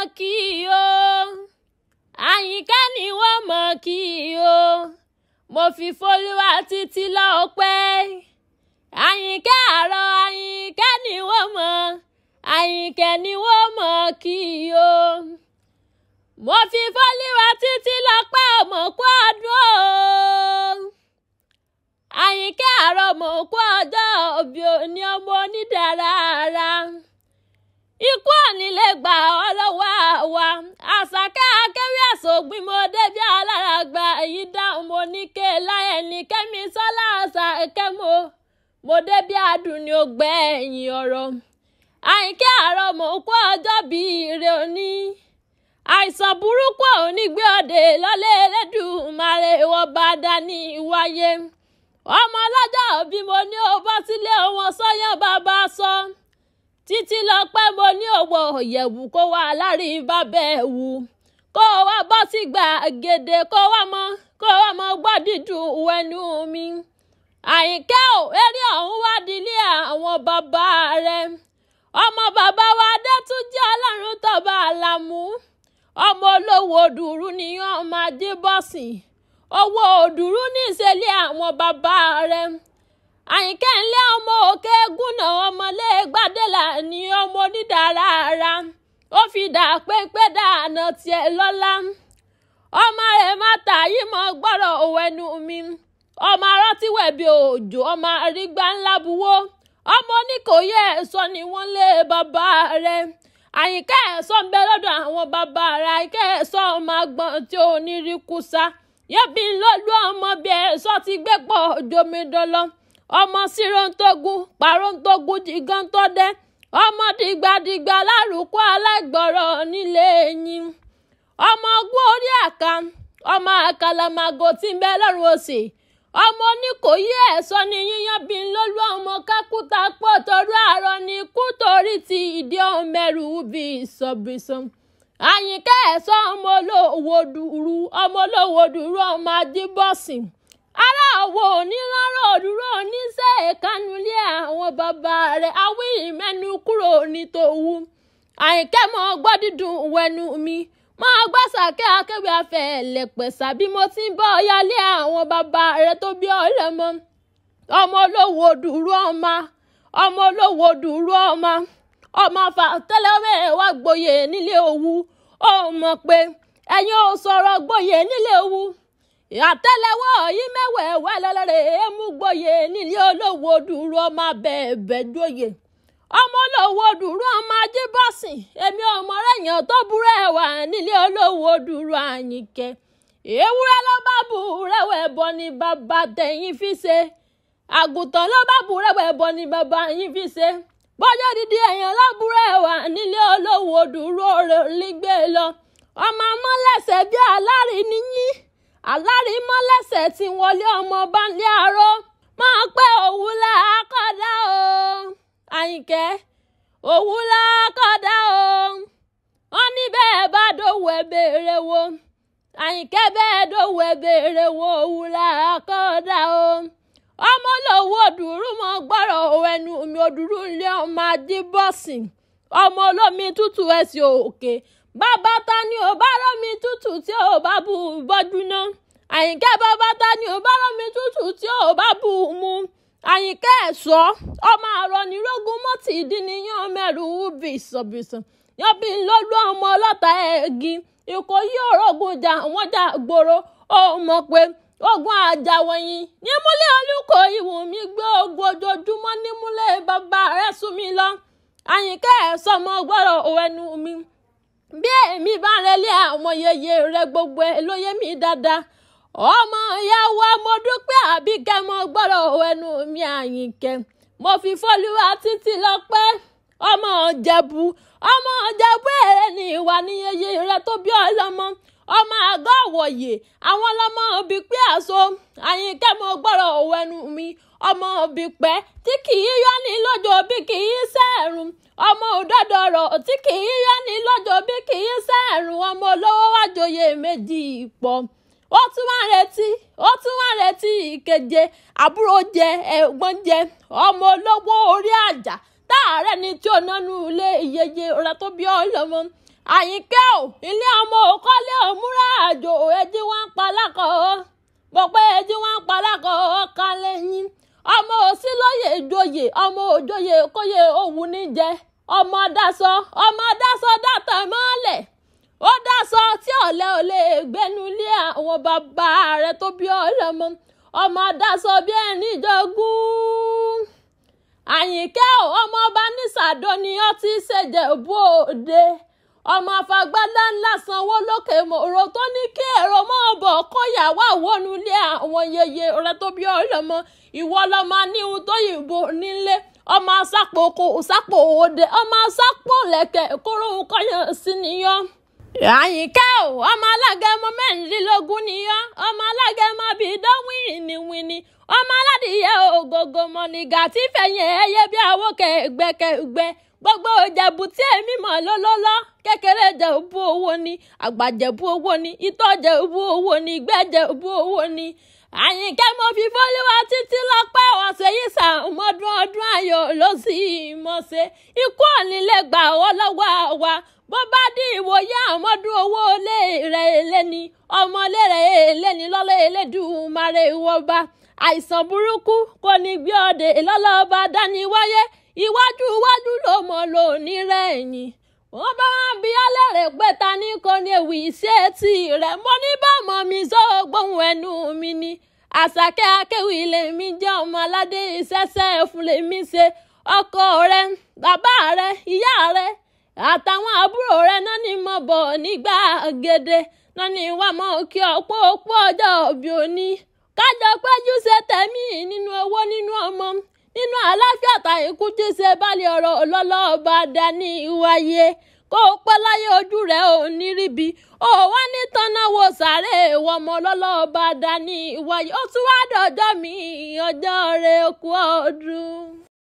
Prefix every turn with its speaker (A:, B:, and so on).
A: mọ̀ kí o àyìnkẹ́ ni wọ́n mọ̀ kí o mo fi folúwa títí lọ́pẹ́ àyìnkẹ́ àárọ̀ àyìnkẹ́ ni wọ́n mọ̀ àyìnkẹ́ ni wọ́n mọ̀ kí o mo fi folúwa títí lọ́pẹ́ mo kú ọdún o àyìnkẹ́ àárọ̀ mo kú ọjọ́ òbí òní ọmọ onídàára ikú ànílégbà ọlọ́wọ́ àwa àṣàkẹ́ akẹ́wé àṣògbìn mo débi alárágbá èyí dáhùn mo ní ké láyẹ̀ni kẹ́mi sọ́lá àṣàkẹ́ mo mo débi adùnní ògbẹ́ ẹ̀yìn ọ̀rọ̀ àyìnkẹ́ àárọ̀ mò ń kó ọjọ́ bíi ire òní àìsàn burúkú òní gbé ọ̀dẹ̀ lọ́lé elédùnmarè wọ́n bá dání wáyé ọmọ ọlọ́jọ́ òbí mo ní ó bọ́ sílé wọn sọ́yàn bàbá sọ títí lọ pẹ́ mo ní òwò ìyẹ̀wù kó wá láàrin bábẹ́ ẹ̀wù kó wá bọ́ sí gbàgede kó wá mọ́ kó wá mọ́ gbọ́ dídùn ẹnu mi. àyìnkẹ́ ò eré ọ̀hún wá dilé àwọn bàbá rẹ̀ ọmọ bàbá wa adẹ́túnjẹ́ ọlọ́run tọ́ba àlàmú ọmọ olówó dùrú ni wọ́n máa dé bọ́sìn owó òdùrú ní ìṣẹ̀lẹ̀ àwọn bàbá rẹ̀ àyìnkẹ́ ńlẹ́ ọmọ òkè gúnà ọmọlé gbadẹ́là ni ọmọ onídàára ó fi dà pépé dáná tiẹ̀ lọ́lá ọmọ rẹ̀ má tà yí mọ́ gbọ́rọ̀ òwe nu mi ọmọ arọ́tíwẹ̀bí òjò ọmọ àrígbá ńlá buwó ọmọ oníkòyè ẹ̀sọ́ ni wọ́n lé bàbá rẹ̀ àyìnkẹ́ ẹ̀sọ́ ń bẹ lọ́dọ̀ àwọn bàbá rẹ̀ àyìnkẹ́ ẹ̀sọ́ ọmọ agbọ̀n tí ò ní rí kúsá yẹ́bi lójú ọmọ bí ẹ̀sọ́ ti gbé pọ̀ jomidọ́lọ́ ọmọ sírò ń tógun pàrọ̀ ń tógun dìgan tó dẹ́ ọmọ dìgbàdìgbà lárúkọ alágbọ̀rọ̀ nílé yín ọmọ ogún orí àká ọmọ àkàlàmàgò tí ń bẹ lọ́rùn òsì ọmọ oníkòyí ẹ̀sọ́ ni yíyan bí lólu ọmọ kákúta pọ̀ torí àárọ̀ ni ikú torí ti ìdí ọmọẹrù bí ìsọ̀bìsàn àyìnkẹ́ ẹ̀sọ́ ọmọ olówó dúró ọmọ olówó dúró ọmọ adébọ̀sìn ará ọ̀wọ̀ onírànrọ̀ òdúró oníṣẹ́ ìkanulé àwọn bàbá rẹ̀ awí ìmẹ́nu kúrò ní tòwú àyìnkẹ́ mọ́ gbọ́ dídùn wẹnu mi mọ́ gbọ́ sàkẹ́ akéwì afẹ́ ẹ̀lẹ́pẹ̀ sàbí mo ti ń bọ́ yálé àwọn bàbá rẹ̀ tó bí ọ̀rẹ́ mọ́ ọmọ olówó dùrú ọmọ ọmọ olówó dùrú ọmọ ọmọ fàtẹ́lẹ́wẹ̀ wá gboyè nílé òwú ó mọ̀ pé ẹ̀yin ò sọ̀rọ̀ gboyè nílé òwú àtẹ́lẹwọ́ yìí mẹ́wẹ̀ẹ́wà lọ́lọ́rẹ̀ èémú gboyè nílé olówó dúró ọmọ abẹ́ẹ̀bẹ́ dóye ọmọ olówó dúró ọmọ ajíbọ̀sìn èmi ọmọ rẹ̀yàn tó búrẹ́ wà nílé olówó dúró àyìnkẹ́ ewúrẹ́ ló bá bù rẹ́wẹ̀ bọ ni bàbá tẹ̀yìn fi ṣe àgùntàn ló bá bù rẹ́wẹ̀ bọ ni bàbá yín fi ṣe bọ́jọ́ dídí èèyàn lábúrẹ́ wà nílé olówó dúró lígbé lọ ọmọ amọ́lẹ́sẹ̀ bíi aláriniyín alárímọ́lẹ́sẹ̀ tí wọlé ọmọ bá ń lé aró máa pẹ́ òwú làákọ́dá o àyìnkẹ́ òwú làákọ́dá o wọ́n ní bẹ́ẹ̀ bá dòwú ẹ béèrè wo àyìnkẹ́ bẹ́ẹ̀ dòwú ẹ béèrè wo òwú làákọ́dá o ọmọ lòwú òdùrú mọ gbọ́rọ̀ ẹnu mi òdùrú ilé ọmọ adébọ̀sìn ọmọ olómi tútù ẹ̀sìn òkè bàbá ta ni ò bá rómi tútù tí ò bá bù ú bọ́jú ná àyìnkẹ́ bàbá ta ni ò bá rómi tútù tí ò bá bù ú mu àyìnkẹ́ ẹ̀sọ́ ọmọ àrọ̀ nírògùn mọ́tì ìdínníyàn mẹ́rù bìsọ̀bìsọ̀ yọ̀bí lólu ọmọ ọlọ́ta ẹ̀gí ìkòyí òrógùn jà wọ́n jà gbòòrò ó mọ̀ pé ogun àjàwọ̀yìn nímúlẹ̀ olùkọ́ ìwùmí gbé ogun ojoojúmọ́ nímúlẹ̀ bàbá rẹ̀ sún mi lọ àyìnkẹ́ ẹ̀ sọmọ gbọ́dọ̀ òwẹ́nu mi bí èmi bá rẹlé àwọn yeye rẹ gbogbo ẹ lóye mi dáadáa ọmọ ìyá wa mo dúpẹ́ àbíkẹ́ mo gbọ́dọ̀ ẹnu mi àyìnkẹ́ mo fi fọ́lúwa títí lọ́pẹ́ ọmọ ọ̀jẹ̀bù ọmọ ọ̀jẹ̀bù èrè ni ìwà ni yeye rẹ tó bí ọlọ́mọ ọmọ àgọ́ òwòye àwọn ọlọ́mọ òbí pé àṣọ àyìnkẹ́ mo gbọ́dọ̀ ẹnu mi ọmọ òbí pẹ́ tí kì í yọ́ni lójó bí kì í sẹ́ẹ̀ ọmọ òdòdọ̀rọ̀ tí kì í yáni lọ́jọ́ bí kì í sẹ́ẹ̀rùn ọmọ olówó wájòyè méjì pọ̀ ó tún wá retí ó tún wá retí ìkeje àbúrò jẹ ẹ̀gbọ́n jẹ ọmọ olówó orí àjà táàárẹ̀ ni tí ò nánú ilé iyeye ọ̀rẹ́ tó bí ọlọ́mọ o ilé ọmọ òkọ́lé òmúra àjò ẹjí wọn pa mo pé ọmọ òsínlóye ìjòyè ọmọ òjòyè kóyè òwú ọmọ dasọ ọmọ dasọ dàtàn mọ́lẹ̀ ó dasọ tí ọ̀lẹ́ ò lè gbẹ́nu lé àwọn bàbá rẹ̀ tó bí ọlọ́mọ ọmọ dasọ bí ẹni jogún àyìnkẹ́ ò ọmọ ọba ni ó ti ṣèjẹ̀bú òde ọmọ afagbádá ńlá sanwó lókè mòro tó ní kí èrò mọ́ bọ̀ kọ́yà wà wọnú ilé àwọn yeye rẹ̀ tó bí ọlọ́mọ ìwọ lọ́mọ níhun tó yìnbó nílé ọmọ asakpo ko usakpo owode ọmọ asakpo lẹ̀kẹ̀ kóròhùn kọ́yàn sí niyán. àyìnkẹ́ o ọmọ alágẹmọ mẹ́rìndínlógún niyán ọmọ alágẹmọ bíi dánwìrì ni wíni ọmọ aládìyẹ ògògò mọ̀nìgà tí fẹ̀yìn ẹyẹ bí àwòkẹ́ ẹgbẹ́kẹ́gbẹ́ gbogbo ìjẹ̀bù tí èmi mọ̀ lólólọ́ kékeré jẹ̀bù owó ni àgbà jẹ̀bù owó ni itọ́ jẹ̀bù owó ni ìgbẹ́ jẹ̀bù owó ni àyìnkẹ́ mo fi fọ́líwá títí lọ́pẹ́ ọ̀sẹ̀ yìí sàmọ́dún ọdún ayọ̀ ló sì mọ̀ọ́sẹ̀ ikú òní lè gbà ọ́ lọ́wọ́ wa bó bá dí ìwòye àmọ́dún owó lè rẹ̀ lẹ́ni ọmọ lè rẹ̀ lẹ́ni lọ́lẹ́ lẹ́dùn-ún máa rẹ̀ wọ́n bá àìsàn burúkú kò ní gbé ọdẹ ìlọ́lọ́ba dání wáyé iwájú iwájú ló mọ̀ lò ní rẹ̀yìn wọ́n bá wọn bí ọlẹ́rẹ̀ pé ta ní kò ní ewì iṣẹ́ etí rẹ̀ mo ní bọ́mọ mi sọ gbóhùn ẹnu mi ni àṣàkẹ́ akéwì lèmi jẹ́ ọmọ aládé ìṣẹ́ṣẹ́ ẹ̀fún lèmi ṣe ọkọ rẹ bàbá rẹ ìyá rẹ àtàwọn àbúrò rẹ náà ni mo bọ̀ nígbà gèdè náà ni wàá mọ̀ kí ọ̀pọ̀ ọ̀pọ̀ ọjọ́ òbí òní. ká jọ péjú ṣe tẹ̀mí nínú owó nínú ọmọ nínú àlàáfíà tàìkú tí ṣe ọrọ ọ̀rọ̀ ọlọ́lọ́ dání wáyé kó o pẹ́ láyé ojú rẹ̀ ò ní ríbi ó wá ní ìwọ ọmọ ọlọ́lọ́ dání wáyé ó tún wá mi ọjọ́ rẹ̀ kú ọdún.